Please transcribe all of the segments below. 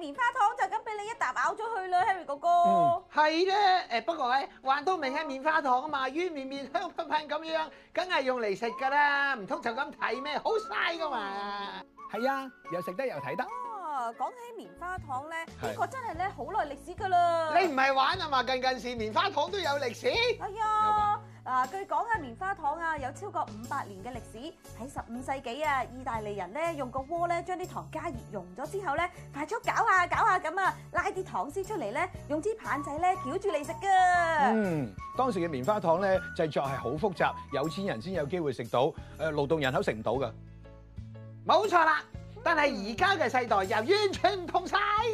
棉花糖就咁俾你一啖咬咗去啦，Harry 哥哥。係咧、嗯，誒不過咧，玩到明係棉花糖啊嘛，軟綿綿香噴噴咁樣，梗係用嚟食噶啦，唔通就咁睇咩？好嘥噶嘛。係啊、嗯，又食得又睇得。哦，講起棉花糖咧，呢個真係咧好耐歷史噶啦。你唔係玩啊嘛，近近時棉花糖都有歷史。哎呀～啊！據講啊，棉花糖啊有超過五百年嘅歷史。喺十五世紀啊，意大利人咧用個鍋咧將啲糖加熱溶咗之後咧，快速攪下攪下咁啊，拉啲糖絲出嚟咧，用支棒仔咧攪住嚟食㗎。嗯，當時嘅棉花糖咧製作係好複雜，有錢人先有機會食到，誒、呃、勞動人口食唔到㗎。冇錯啦，但係而家嘅世代又完全唔同晒。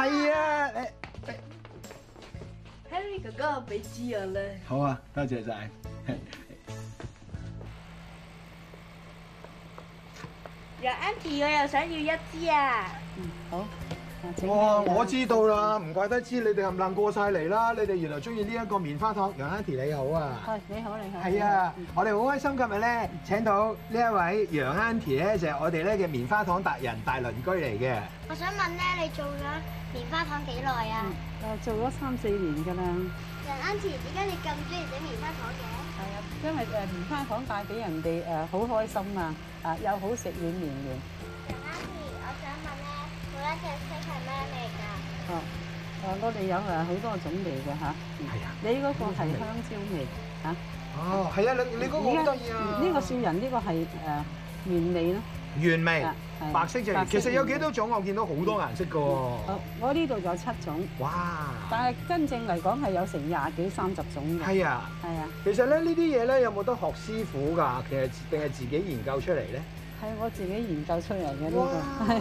係啊，Harry 哥哥俾支我啦。好啊，多謝晒。楊 Auntie 我又想要一支啊。嗯，好。哇，我知道啦，唔怪得知你哋冚唪唥過曬嚟啦。你哋原來中意呢一個棉花糖，楊 Auntie 你好啊。係，你好，你好。係啊，我哋好開心今日咧請到呢一位楊 Auntie 咧，就係我哋咧嘅棉花糖達人大鄰居嚟嘅。我想問咧，你做咗？棉花糖幾耐啊？誒、嗯，做咗三四年噶啦。楊阿姨，點解你咁中意整棉花糖嘅？係啊，因為誒棉花糖帶俾人哋誒好開心啊，啊、呃、又好食軟綿嘅。楊阿姨，我想問咧，每一隻色係咩味噶？哦，誒、啊、我哋有誒好多種味嘅吓。係啊。啊，你嗰個係香蕉味，吓、啊？哦、啊，係啊，你你嗰個好得意啊，呢個雪人呢、這個係誒軟味咯。原味是白色就，色其實有幾多種？我見到好多顏色嘅。嗯哦。我呢度有七種。哇！但係真正嚟講係有成廿幾三十種嘅。係啊。係啊。其實咧呢啲嘢咧有冇得學師傅㗎？其實定係自己研究出嚟咧？係我自己研究出嚟嘅呢個。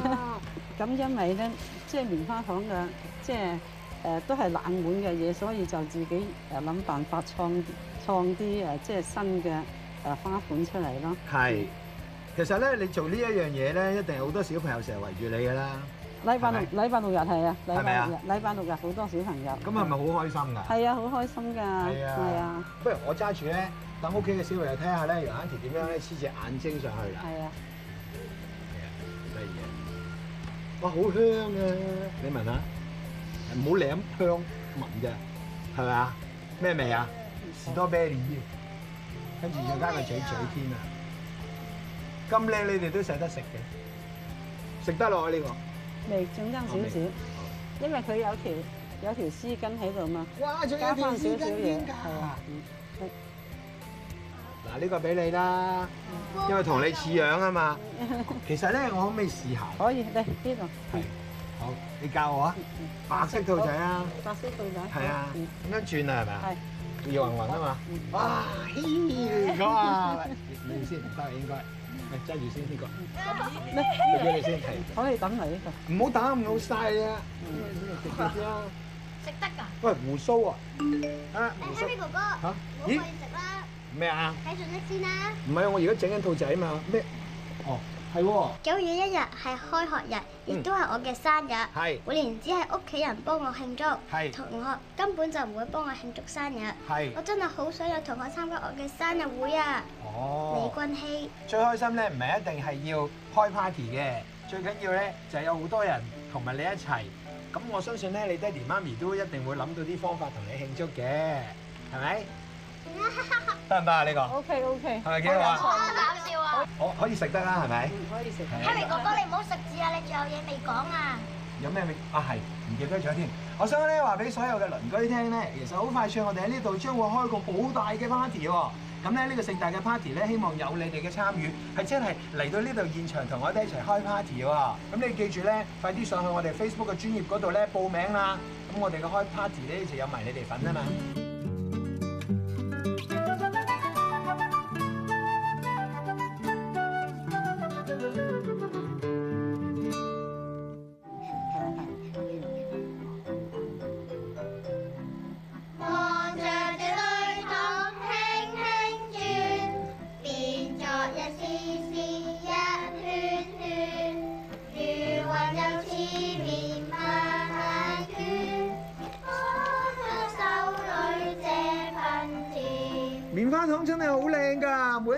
哇！咁 因為咧即係棉花糖嘅即係誒都係冷門嘅嘢，所以就自己誒諗辦法創創啲誒即係新嘅誒花款出嚟咯。係。是其實咧，你做呢一樣嘢咧，一定係好多小朋友成日圍住你噶啦。禮拜六禮拜六日係啊，禮拜六日禮拜六日好多小朋友。咁係咪好開心噶？係啊，好開心噶。係啊。不如我揸住咧，等屋企嘅小朋友睇下咧，楊阿姨點樣咧黐隻眼睛上去啦。係啊。嚟嘅。哇，好香啊！你聞下，唔好舐香，聞啫，係咪啊？咩味啊？士多啤梨，跟住再加個嘴嘴添啊！咁靚你哋都捨得食嘅，食得落啊呢個，未重登少少，因為佢有條有條絲巾喺度嘛，掛住啲絲巾添㗎。嗱呢個俾你啦，因為同你似樣啊嘛。其實咧我未試行，可以對呢個。係，好，你教我啊，白色兔仔啊，白色兔仔，係啊，咁樣轉啊？係咪？要橫橫啊嘛。哇，依個，你先唔得應該。誒揸住先呢個，咧嚟俾你先，係可以等你呢個，唔好打咁老細啊！食唔食啊？食得㗎！喂鬍鬚啊！啊！HARRY 哥哥？咦？咩啊？睇準啲先啦！唔係我而家整緊兔仔嘛？咩？哦！係、對、哦、九月一日係開學日，亦都係我嘅生日。係、嗯、每年只係屋企人幫我慶祝，是 同學根本就唔會幫我慶祝生日。係是 我真係好想有同學參加我嘅生日會啊！哦！李君熙，最開心咧唔係一定係要開 party 嘅，最緊要咧就係有好多人同埋你一齊。咁我相信咧，你爹哋媽咪都一定會諗到啲方法同你慶祝嘅，係咪？得唔得啊？呢個？OK OK，係咪幾好搞笑啊？好，可以食得啦，係咪？可以食得。Harry 哥哥，你唔好食字啊！你仲有嘢未講啊？有咩未？啊係，唔記得咗添。我想咧話俾所有嘅鄰居聽咧，其實好快脆，我哋喺呢度將會開個好大嘅 party 喎。咁咧呢個盛大嘅 party 咧，希望有你哋嘅參與，係真係嚟到呢度現場同我哋一齊開 party 喎。咁你記住咧，快啲上去我哋 Facebook 嘅專業嗰度咧報名啦。咁我哋嘅開 party 呢就有埋你哋份啊嘛。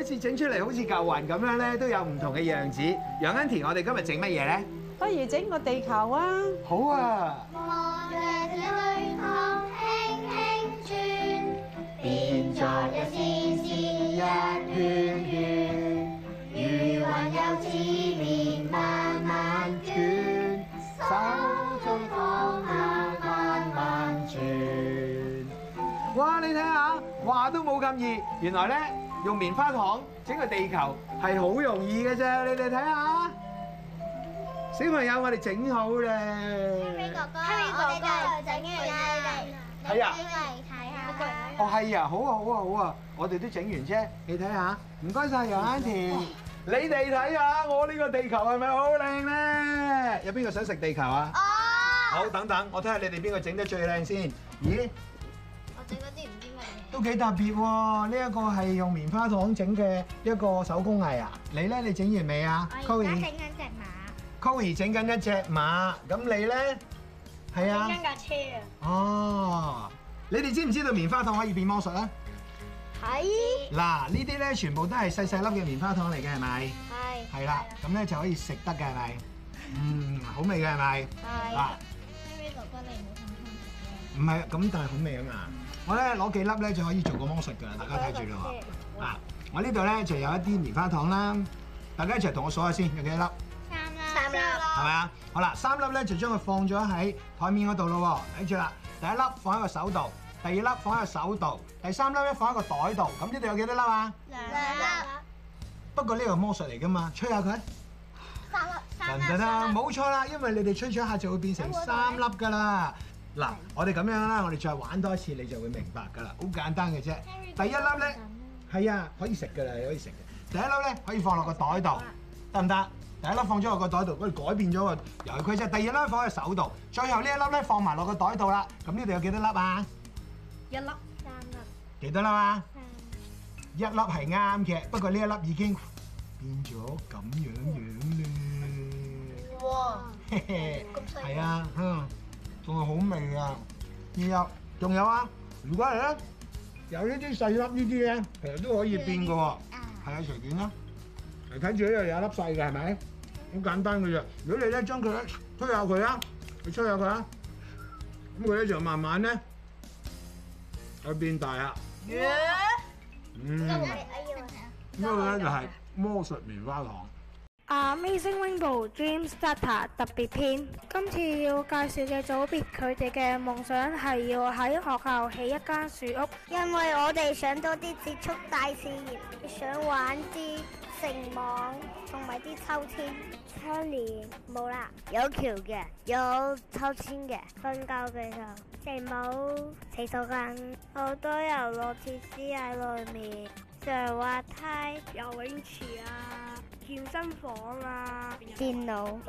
每次整出嚟好似舊雲咁樣咧，都有唔同嘅樣子。楊恩田，我哋今日整乜嘢咧？不如整個地球啊！好啊！有一圈圈，中向慢慢轉哇！你睇下，話都冇咁易，原來咧。用棉花糖整個地球係好容易嘅啫，你哋睇下，小朋友我哋整好咧。Harry 哥哥，Harry 哥哥又整完啦，你嚟睇下啦。哦，係啊，好啊，好啊，好啊，我哋都整完啫，你睇下。唔該晒楊阿姨，你哋睇下我呢個地球係咪好靚咧？有邊個想食地球啊？哦。好，等等我睇下你哋邊個整得最靚先。咦？我整嗰啲唔～都幾特別喎！呢一個係用棉花糖整嘅一個手工藝啊！你咧你整完未啊？Koey，而家整緊隻馬。Koey 整緊一隻馬，咁你咧係啊？整緊架車啊！哦，你哋知唔知道棉花糖可以變魔術咧？係嗎。嗱，呢啲咧全部都係細細粒嘅棉花糖嚟嘅，係咪？係。係啦，咁咧就可以食得嘅係咪？ 嗯，好味嘅係咪？係。嗱，Harry 哥哥你唔好咁衝動。唔係，咁但係好味啊嘛。我咧攞幾粒咧就可以做個魔術噶啦，大家睇住啦喎。 啊，我呢度咧就有一啲棉花糖啦，大家一齊同我數下先，有幾粒？三粒。三粒。係咪啊？好啦，三粒咧就將佢放咗喺台面嗰度咯喎，睇住啦。第一粒放喺個手度，第二粒放喺個手度，第三粒咧放喺個袋度。咁呢度有幾多粒啊？兩粒。不過呢個魔術嚟噶嘛，吹下佢。三粒。唔得啦，冇錯啦，因為你哋吹咗一下就會變成三粒噶啦。嗱，我哋咁樣啦，我哋再玩多一次你就會明白噶啦，好簡單嘅啫。第一粒咧，係啊，可以食噶啦，可以食嘅。第一粒咧可以放落個袋度，得唔得？第一粒放咗落個袋度，我哋改變咗個遊戲規則。第二粒放喺手度，最後呢一粒咧放埋落個袋度啦。咁呢度有幾多粒啊？一粒三粒，幾多粒啊？一粒係啱嘅，不過呢一粒已經變咗咁樣樣咧。哇，係啊，嚇。仲係好味啊！仲有仲有啊！如果係咧，有呢啲細粒呢啲咧，其實都可以變嘅喎。啊、嗯，係啊，隨便啦。係睇住呢度有粒細嘅係咪？好、嗯、簡單嘅啫。如果你咧將佢咧推下佢啦，你吹下佢啦，咁佢咧就慢慢咧佢變大啊。Yeah? 嗯，因為呢個咧就係、係、魔術棉花糖。Amazing Rainbow Dream Star 特別篇，今次要介紹嘅組別，佢哋嘅夢想係要喺學校起一間樹屋。因為我哋想多啲接觸大自然，想玩啲城網同埋啲秋千。Henry，冇啦，有橋嘅，有秋千嘅。瞓覺嘅時候，城冇洗手間，好多遊樂設施喺裡面，上滑梯、游泳池啊！健身房啊，電腦了，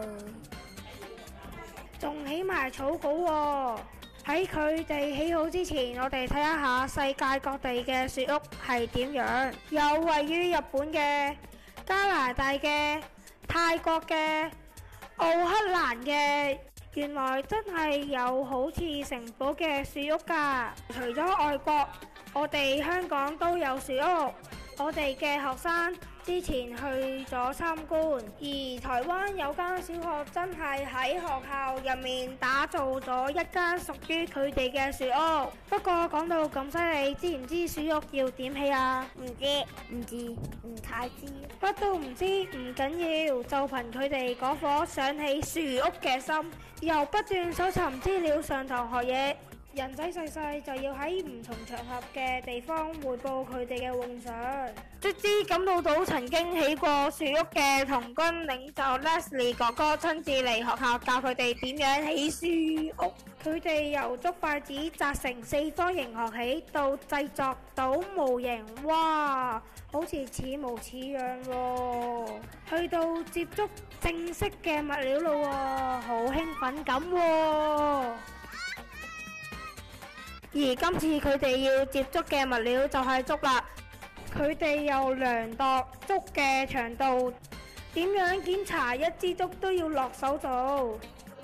仲、嗯、起埋草稿喎、哦。喺佢哋起好之前，我哋睇一下世界各地嘅樹屋係點樣。有位於日本嘅、加拿大嘅、泰國嘅、奧克蘭嘅，原來真係有好似城堡嘅樹屋噶。除咗外國，我哋香港都有樹屋。我哋嘅學生。之前去咗參觀，而台灣有間小學真係喺學校入面打造咗一間屬於佢哋嘅樹屋。不過講到咁犀利，知唔知樹屋要點起啊？唔知，唔知，唔太知，乜都唔知，唔緊要，就憑佢哋嗰顆想起樹屋嘅心，又不斷搜尋資料上堂學嘢。人仔細細就要喺唔同場合嘅地方匯報佢哋嘅夢想。卒之感到到曾經起過樹屋嘅童軍領袖 Leslie 哥哥親自嚟學校教佢哋點樣起樹屋。佢哋由竹筷子紮成四方形學起，到製作到模型，哇，好似似模似樣喎、哦。去到接觸正式嘅物料啦，喎，好興奮咁喎。而今次佢哋要接觸嘅物料就係竹啦，佢哋又量度竹嘅長度，點樣檢查一支竹都要落手做。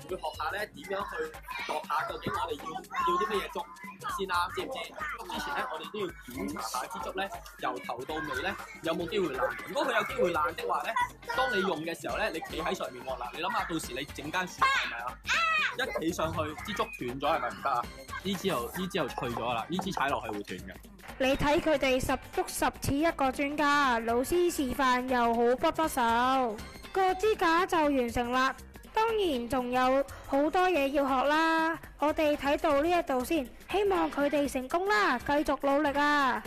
要學下咧，點樣去學下？究竟我哋要要啲乜嘢粥？先啊？知唔知？之前咧，我哋都要檢查下支竹咧，由頭到尾咧有冇機會爛。如果佢有機會爛的話咧，當你用嘅時候咧，你企喺上面落啦，你諗下到時你整間船係咪啊？一企上去，支竹斷咗係咪唔得啊？呢支又呢支又脆咗啦，呢支踩落去會斷嘅。你睇佢哋十足十似一個專家，老師示範又好手，不不手個支架就完成啦。當然仲有好多嘢要學啦，我哋睇到呢一度先，希望佢哋成功啦，繼續努力啊！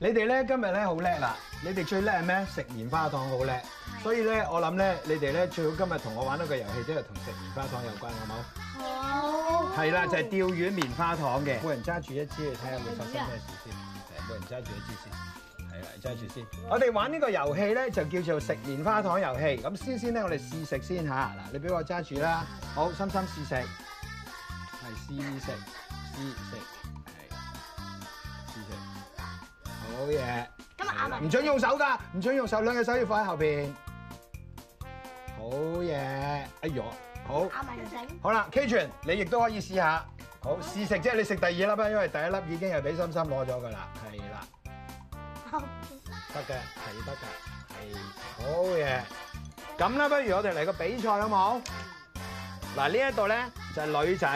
你哋咧今日咧好叻啦，你哋最叻係咩？食棉花糖好叻，的所以咧我諗咧你哋咧最好今日同我玩一個遊戲，即係同食棉花糖有關，好冇？好。係啦，就係、是、釣魚棉花糖嘅，每人揸住一支嚟睇下會發生咩事先，誒的，每人揸住一支先。揸住先，我哋玩個遊戲，呢個遊戲咧就叫做食棉花糖遊戲。咁先先咧，我哋試食先吓。嗱、啊，你俾我揸住啦。好，心心試食，係試食，試食，係試食。好嘢，唔准用手噶，唔准用手，兩隻手要放喺後邊。好嘢，哎喲，好。阿明整。好啦，Katrin，你亦都可以試下。好，試食耶即係，你食第二粒啦，因為第一粒已經係俾心心攞咗噶啦，係啦。得嘅係得嘅係好嘢，咁啦，不如我哋嚟個比賽好唔好？嗱呢一度咧就係女仔，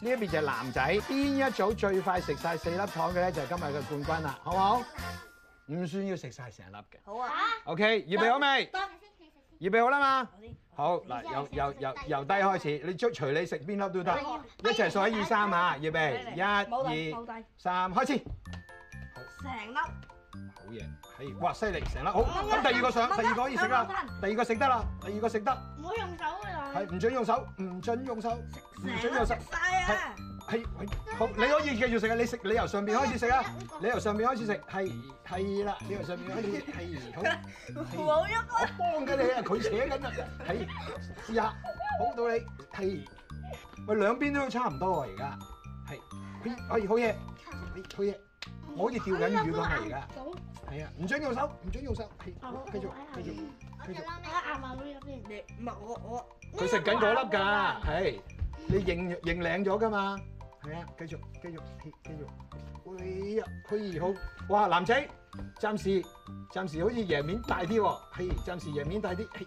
呢一邊就係男仔，邊一組最快食晒四粒糖嘅咧就係今日嘅冠軍啦，好唔好？唔需要食晒成粒嘅。好啊。O K，預備好未？得。預備好啦嘛。好，嗱由由由由低開始，你捉，隨你食邊粒都得。一齊數一二三啊！預備，一二三，開始。成粒。好嘢，係，哇犀利，成粒好。咁第二個上，第二個可以食啦，第二個食得啦，第二個食得。唔好用手啊！係唔准用手，唔准用手，唔准用手。晒啊！係，好，你可以繼續食啊，你食，你由上邊開始食啊，你由上邊開始食，係係啦，你由上邊開始，係好。冇喐我幫緊你啊，佢扯緊啊，係，試下，幫到你，係，喂，兩邊都差唔多啊，而家，係，可以，好嘢，好嘢。我好似釣緊魚咁啊！而家，係啊，唔准用手，唔准用手，係繼續繼續繼續。我粒硬埋嗰粒先，你唔係我我。佢食緊嗰粒㗎，係你認認領咗㗎嘛？係啊，繼續繼續，繼續。哎呀，可以好哇！男仔，暫時暫時好似贏面大啲喎，係暫時贏面大啲，係。